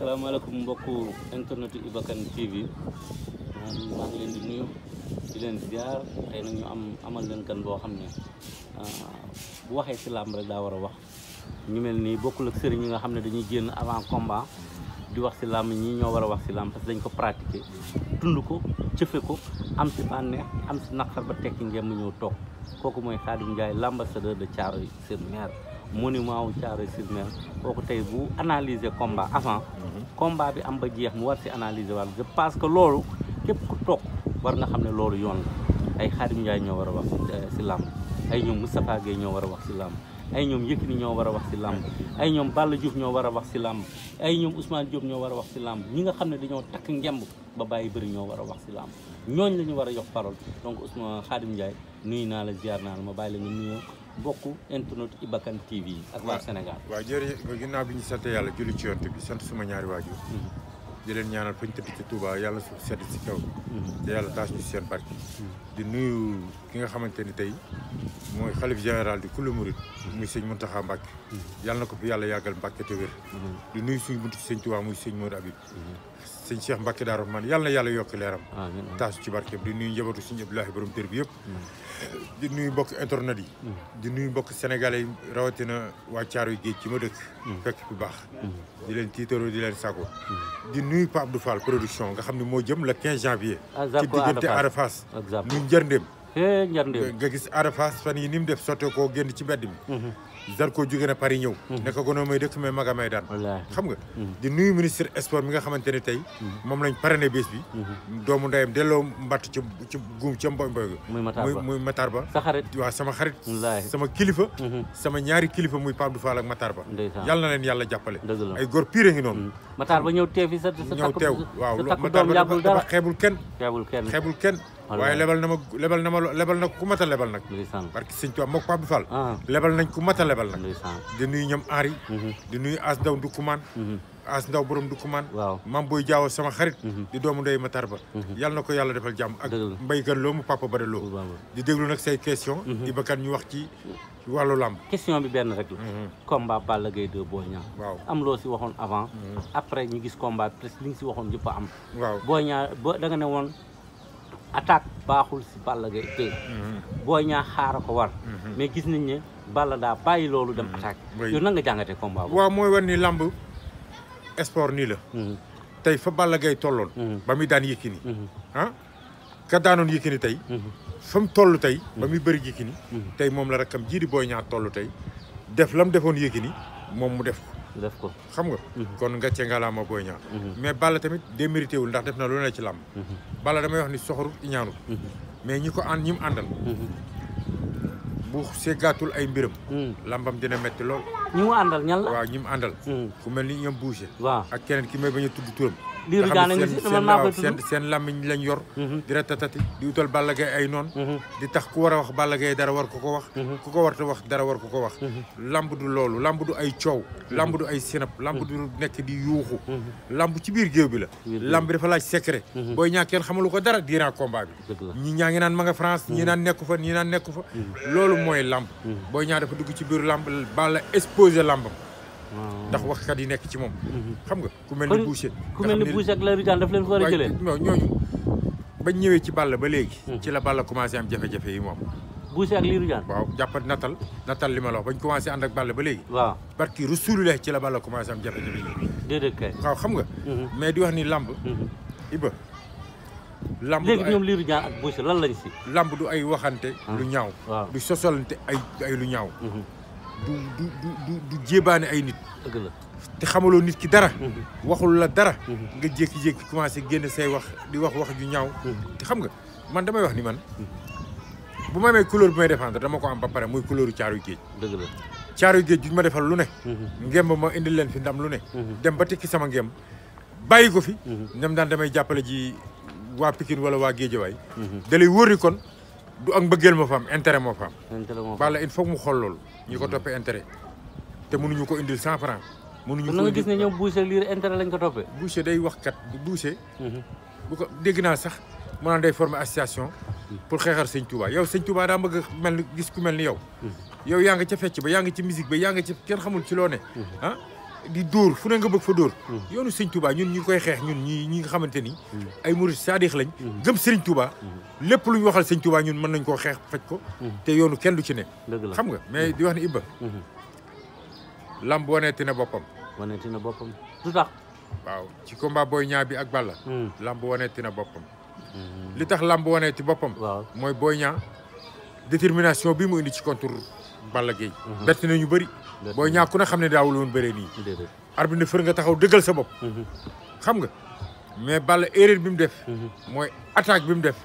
salaamaaleykum mbokku internet ibakan TV nah, ma ngi len di nuyu di len ziar tay nak ñu am amal len kan bo xamne ah, bu waxe ci lamb rek da wara wax ñu melni bokku lak serigne nga xamne dañuy genn avant combat di wax ci lamb ñi ño wara wax ci lamb parce que dañ ko pratiquer tundu ko jëfe ko am ci banne am ci nakar ba tekki ngeen mu tok koku moy xadim Khadim Ndiaye l'ambassadeur de Thiaroye sur mère monument wu Thiaroye sur Mer kooku tey bu analyser combat avant mhm. combat bi am ba jeex mu war si analyser wàll je parce que loolu képp ku toog war nga xam ne loolu yoon la ay Khadim Ndiaye ñoo war a wax si euh, làmb ay ñoom Moustapha Gueye ñoo war a wax si làmb ay ñoom Yékini ñoo war a wax si làmb ay ñoom Balla Diouf ñoo war a wax si làmb ay ñoom Ousmane Diop ñoo war a wax si làmb ñi nga xam ne dañoo takk ngemb ba bàyyi bëri ñoo war a wax si làmb ñooñ la ñu war a jox parole donc Ousmane Khadim Ndiaye mbokku internet Iba Kane TV ak waa ah, Sénégal waaw jërëjëf ginnaaw bi ñu sant yàlla julli ci yonte bi sant suma ñaari waajur mhm. di leen ñaanal fañ tëdd ci Touba yàlla suuf sedd ci kaw mhm. te yàlla taas ñu seen barke mhm. di nuyu ki nga xamante ni tey mooy xalif général di kulu murit muy sëñ Muntaxa Mbàkke yàlla na ko fi yàlla yàggal Mbàkke te wér di nuyu suñu buntu sëñ Tuubaa muy sëñ Moodu Abib sëñ Cheikh Mbàkke Daaru Rahmaan yàlla yàlla yokk leeram taas ci barkeem di nuyu njabootu sëñ Abdoulahi borom tër bi yëpp di nuyu mbokk internet yi mm. di nuyu mbokk sénégalais rawatina waa Caaroy géej ci ma dëkk mm. fekk bu baax mm. di leen tiitaroo di leen sago di nuyu Pape Abdou Fall production nga xam ne moo jëm le 15 janvier ah, ci diggante Arafas ñu nga gis Ada Fass fan yi ni mu def sotte ko génn ci mbedd mi Zarko mhm. jóge na Paris ñëw mhm. naka gonoo may dëkk mais maga may daan xam nga mhm. di nuyu ministre sport mi nga xamante ne tey moom lañ parrainé bés bi doomu ndeyam delloo mbatt ci ci guum ca mboy mboy muy Matar Ba sa xarit waaw sama xarit sama kilifa sama ñaari kilifa muy Pape Dou Fall ak Matar Ba yàlla na leen yàlla jàppale ay góor pire ngi noonu Matar Ba ñëw teew sa ñëw teew waaw Matar Ba dafa xeebul kenn xeebul kenn waaye lebal na ma lebal na ma lebal na ku mat a lebal nag barki sëñ Tuubaa mook Pape Fall ah. lebal nañ ku mat a lebal nag di nuyu ñoom Henri mhm. di nuyu As Ndaw Ndukumaan mhm. as ndaw borom du kumaan mam booy jaaw sama xarit mhm. di doomu ndey ma Ba yàlla na ko yàlla defal jàmm ak mbaygan loo mu papa Bada Lo di déglu nag say question Iba Kane ñu wax ci wàllu làmb question bi benn rek la combat Balla Gaye 2 Boy Niang waaw am loo si waxoon avant après ñu gis komba presque li nga si waxoon yëpp a am waaw Boy attaque baaxul si Balla Gaye tey mhm. Boy Niang xaar ko war mhm. mais gis nañ ne Balla daa bàyyi loolu dem mhm. attaque yow nan nga jàngatee combat boobu mooy war ni làmb sport nii la tey fa Balla gay tolloon ba muy daan Yékini ah ka daanoon Yékini tey fa mu toll tey ba muy bëri Yékini tey moom la rakkam jii di Boy Niang toll tey def lam defoon ni moom mu def def ko xam nga. Mhm. kon gàcce ngalaama booy ñaar. Mhm. mais Balla tamit démérité wul ndax def na lu ne ci làmb. Mhm. Balla damay wax ni soxorut ñaanut. mais ñi ko ànd ñi mu àndal. bu seggaatul ay mbiram. lambam dina metti lool. ñi mu àndal ñan la waaw ñi mu àndal. ku mel ni ñoom Boucher. waaw ak keneen ki may bañ a tudd turam. liiru daan nañu si man maa koy seen seen làmmiñ lañ yor mhm. di ratatati di utal Balla Gaye ay noon mhm. di tax ku war a wax Balla Gaye dara war ko ko wax mhm. ku ko war warta wax dara war ko ko wax lamb du loolu lamb du ay coow lamb du ay sinap lamb du nekk di yuuxu lamb ci biir géew bi la lamb bi dafa laaj secret booy ñaa kenn xamalu ko dara diiraa combat bi ñi ñaa ngi naan ma nga France ñi naan nekku fa ñi naan nekku fa loolu mooy lamb booy ñaa dafa dugg ci biir lamb Balla exposé lambam ndax ah. waxkat yi nekk ci moom xam nga ku mel ni boucher ku mel ni boucher ak la ritaan daf leen ko war a jëlee non ñooñu bañ ñëwee ci bàll ba léegi ci la commencé am yi boucher ak waaw natal natal li ma la wax bañ commencé ànd ak bàll ba léegi waaw parce que rasulullah ci la bàll commencé am jafe-jafe yi kay waaw xam nga mais di wax ni lamb mhm. iba lamb léegi ñoom liiru jaan ak boucher lan lañ si lamb du ay waxante lu ñaaw du ay ay lu ñaaw du du du du jébaane ay nit. dëgg la te xamaloo nit ki dara. waxul la dara. nga jékki-jékki commencé génn say wax di wax wax ju ñaaw. te xam nga man damay wax ni man. bu ma amee couleur bu may défendre dama ko am ba pare muy couleur caaru géej. dëgg la caaru géej ma defal lu ne. ngemb ma indil leen fi ndam lu ne. dem ba tekki sama ngemb bàyyi ko fi. ñoom daan damay jàppale ji waa Pikine wala waa Géejawaay. da lay wóor ni kon du ak mbëggeel moo fa am intérêt moo fa am. intérêt moo il faut mu xool loolu. ñu ko toppee intérêt te mënuñu ko indil cent franc mënuñu ko gis ne ñoom Boucher lii intérêt lañ ko toppee Boucher day wax kat Boucher mhm. bu ko dégg naa sax mu naan day former association pour xeexar sëñ Touba yow sëñ Touba daa bëgg mel ni gis ku mel ni yow mhm. yow yaa ngi ca fecc ba yaa ngi ci musique ba yaa ngi ci kenn xamul ci loo ne mhm. ah di dóor fu ne nga bëgg fa dóor hmm. yoonu sëñ Touba ñun ñu koy xeex ñun ñi ñi nga xamante ni hmm. ay murid saadix lañ hmm. gëm sëriñ Touba lépp lu ñu waxal sëñ Touba ñun mën nañ koo xeex faj ko te yoonu kenn lu ci ne xam nga mais di wax ne Ibba lamb waneeti na boppam waneeti na boppam du tax waaw ci combat Boy Niang bi ak Balla lamb waneeti na boppam li tax lamb waneeti boppam mooy Boy Niang détermination bi mu indi ci contour Balla Gaye mhm. bett na ñu bëri booy ñaa ku na xam ne daawul woon bëree nii arbitre fër nga taxaw dëggal sa bopp mhm. xam nga mais Balla erreur bi mu def mhm. mooy attaque bi mu def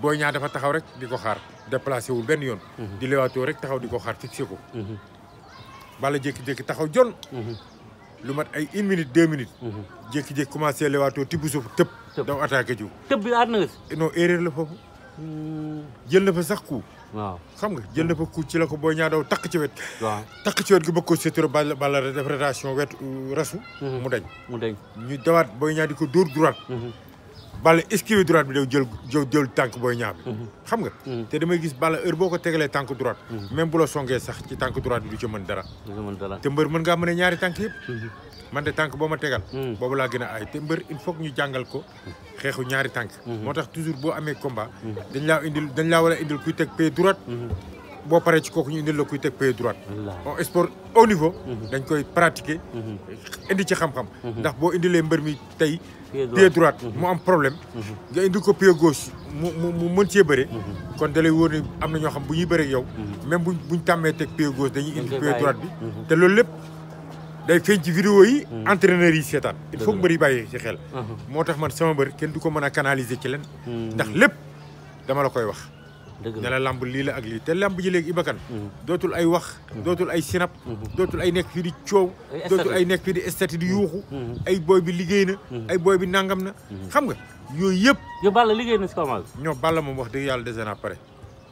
booy ñaar dafa taxaw rek di ko xaar déplacé wul benn yoon di lewaatoo rek taxaw di ko xaar fixé ko Balla jékki-jékki taxaw jon lu mat ay une minute deux minutes jékki-jékki commencé lewaatoo tibb suuf tëb daw attaqué jiw tëb bi aar na non erreur la foofu mm. jël na fa sax coup waaw xam nga jël na fa ku ci la ko booy ñaa daw takk ci wet. waaw takk ci wet gi bëgg ko sétur bal bal def rotation wet rasu. Mhm. mu dañ mu dañ ñu dawaat booy ñaa di ko dóor droite. Mhm. bal esquive droite bi daw jël jël tànk booy ñaa bi. Mhm. xam nga. te damay gis bal heure boo ko tegalee tànk droite. même bu la songee sax ci tànk droite bi du ci mën dara. du ci mën dara te mbër mën ngaa mën a ñaari tànk yëpp. man de tànk boo ma tegal hmm. boobu laa gën a ay te mbër il faut ñu jàngal ko xeexu ñaari tànk hmm. moo tax toujours boo amee combat hmm. dañ laa indil dañ laa war a indil kuy teg pied droite boo paree ci kooku ñu indil la kuy teg pied droite bon sport au niveau dañ koy pratiquer indi ci xam-xam ndax boo indilee mbër mi tey pied droite mu am problème nga indi ko pied gauche mu mu mën cee bëre kon da lay wóor am na ñoo xam bu ñuy bëree yow même bu buñ tàmmee teg pied gauche dañuy indi pied droite bi te loolu lépp day feeñ ci vidéo yi. Hmm. entraîneurs yi seetaan. il faut que mbër yi bàyyi ci xel. Hmm. Hmm. moo tax man sama mbër kenn du ko mën a canaliser ci leen. ndax lépp dama la koy wax. dëgg la ne la lii la ak lii te lamb ji léegi Iba Kane dootul ay wax. dootul ay sinap. dootul ay nekk fii di coow. dootul ay nekk fii di statut di yuuxu. ay booy bi liggéey na. ay booy bi nangam na. xam nga yooyu yëpp. yow Balla liggéey na si combat bi. ñoo Balla moom wax dëgg yàlla dese naa pare.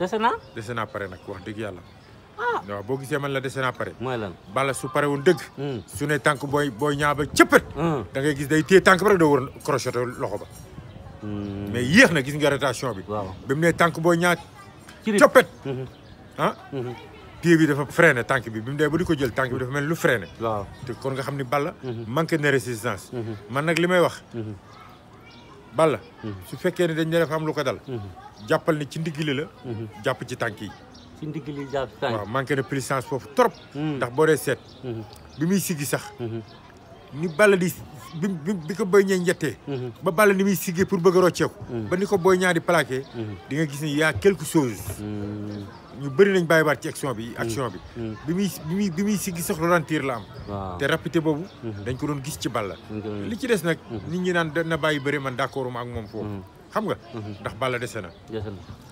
dese naa. dese naa pare nag wax dëgg yàlla. waaw ah. boo gisee man la dese naa pare. mooy lan bala su pare woon dëgg. Hmm. su ne tànk booy booy ñaa ba cëppat. Hmm. da ngay gis day téye tànk ba rek doo war a crocheté loxo ba. Hmm. mais yéex na gis nga rotation bi. waaw ba mu ne tànk booy ñaa cëppat. ah. pied bi dafa freiné tànk bi bi mu dee ba di ko jël tànk bi dafa mel lu freiné. waaw te kon nga xam ni balla. manqué na résistance. man nag li may wax. balla. su fekkee ne dañ ne dafa am lu ko dal. jàppal ne ci ndigg li la. jàpp ci tànk yi. ci ndigg li manqué na puissance foofu trop hmm. ndax boo dee seet hmm. bi muy siggi sax hmm. ni balla di bi bi ko boy ñee njettee ba balla ni muy siggee pour bëgg a rocceeku ba ni ko booy ñaari plaqué di nga gis ne yaa a quelque chose ñu bëri nañ bàyyi baat ci action bi action bi bi muy bi muy bi muy siggi sax ralentir la am te rapidité boobu dañ ko doon gis ci balla li ci des nag nit ñi naan na bàyyi bëri man d'accord ak moom foofu xam nga. Mhm. ndax Balla dese na.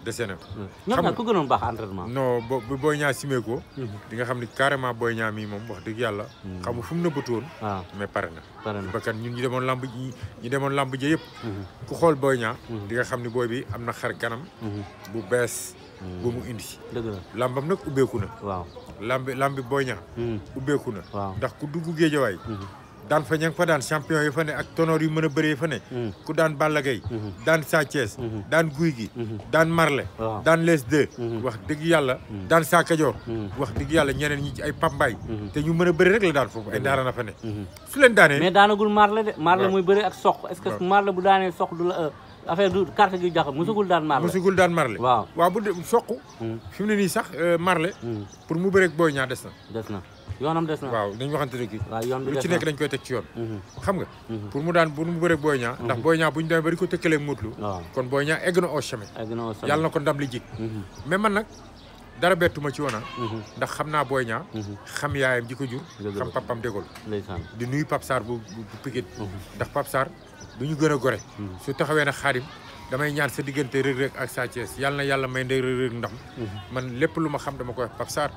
dese na mhm. xam nga ku gënoon baax entraînement. non bo booy ñaa simee ko. Mhm. di nga xam ni carrément booy ñaa mii moom wax dëgg yàlla. xam nga fu mu nëbbatoon. waaw ah. mais pare na. pare na bakkan ñun ñu demoon lamb ji ñu demoon lamb ji yëpp. ku xool booy ñaa. di nga xam ni booy bi am na xar kanam. bu bees. bu mu indi. ci la lambam nag ubbeeku na. waaw lambi lambi booy ñaa. ubbeeku na. waaw ndax ku dugg géejawaay. daan fa ña fa daan champion yi fa ne ak tonoor yu mën a bëree fa ne mm-hmm. ku daan Balla mm-hmm. daan Sa mm-hmm. daan guy gi daan Marley daan Les Deux wax dëgg yàlla daan Sa Kajoor wax dëgg yàlla ñeneen ñi ci ay pambaay te ñu mën a bëri rek la daan foofu ay ndaara na fa ne su leen daanee mais daanagul Marley de Marley muy bëri ak soq est-ce que Marley bu daanee soq du la euh, affaire du carte gi jax musugul daan Marley musugul daan Marley waaw waaw bu soq mm. fi mu ne nii sax euh, Marley mm. pour mu bëreeg booy ñaa des na na yoonam des na waaw dañ waxante dëgg waaw yoon bi lu ci nekk dañ koy teg ci yoon mhm. xam nga mhm. pour mu daan pour mu bëre Boy Niang ndax mhm. Boy Niang bu ñu demee ba ko tëkkalee Modou Lô kon Boy Niang egg na au chemin yàlla na ko ndam li jig mais man nag dara bettuma ci woon ah. ndax xam naa Boy Niang xam yaayam ji ko jur xam papam dégol di nuy Pape Sarr bu bu Pikine ndax Pape Sarr du ñu gën a gore su taxawee na Xaadim damay ñaan sa diggante rëg-rëg ak Sa Thiès yàlla na yàlla may ndey rëg-rëg ndam mhm. man lépp lu ma xam dama koy wax Pape Sarr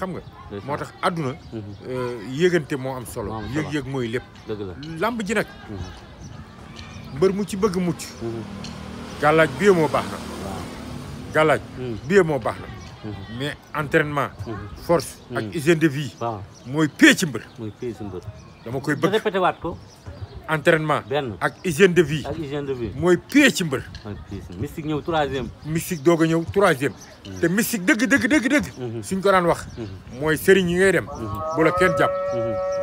xam nga moo tax àdduna mhm. euh, yëgante moo am solo yëg-yëg mooy lépp làmb ji nag mhm. mbër mu ci bëgg mucc gàllaaj bi moo baax na gàllaaj bi moo baax na mais entraînement force ak hygiène de vie mooy pee ci mbër mooy pee ci mbër dama koy bëgg entraînement benn ak hygiène de vie. ak hygiène de mooy pied ci mbër. ñëw troisième. mystique doog a ñëw troisième. Hmm. te mystique dëgg dëgg dëgg hmm. suñ ko daan wax. Hmm. mooy sëriñ yi ngay dem. bu kenn jàpp.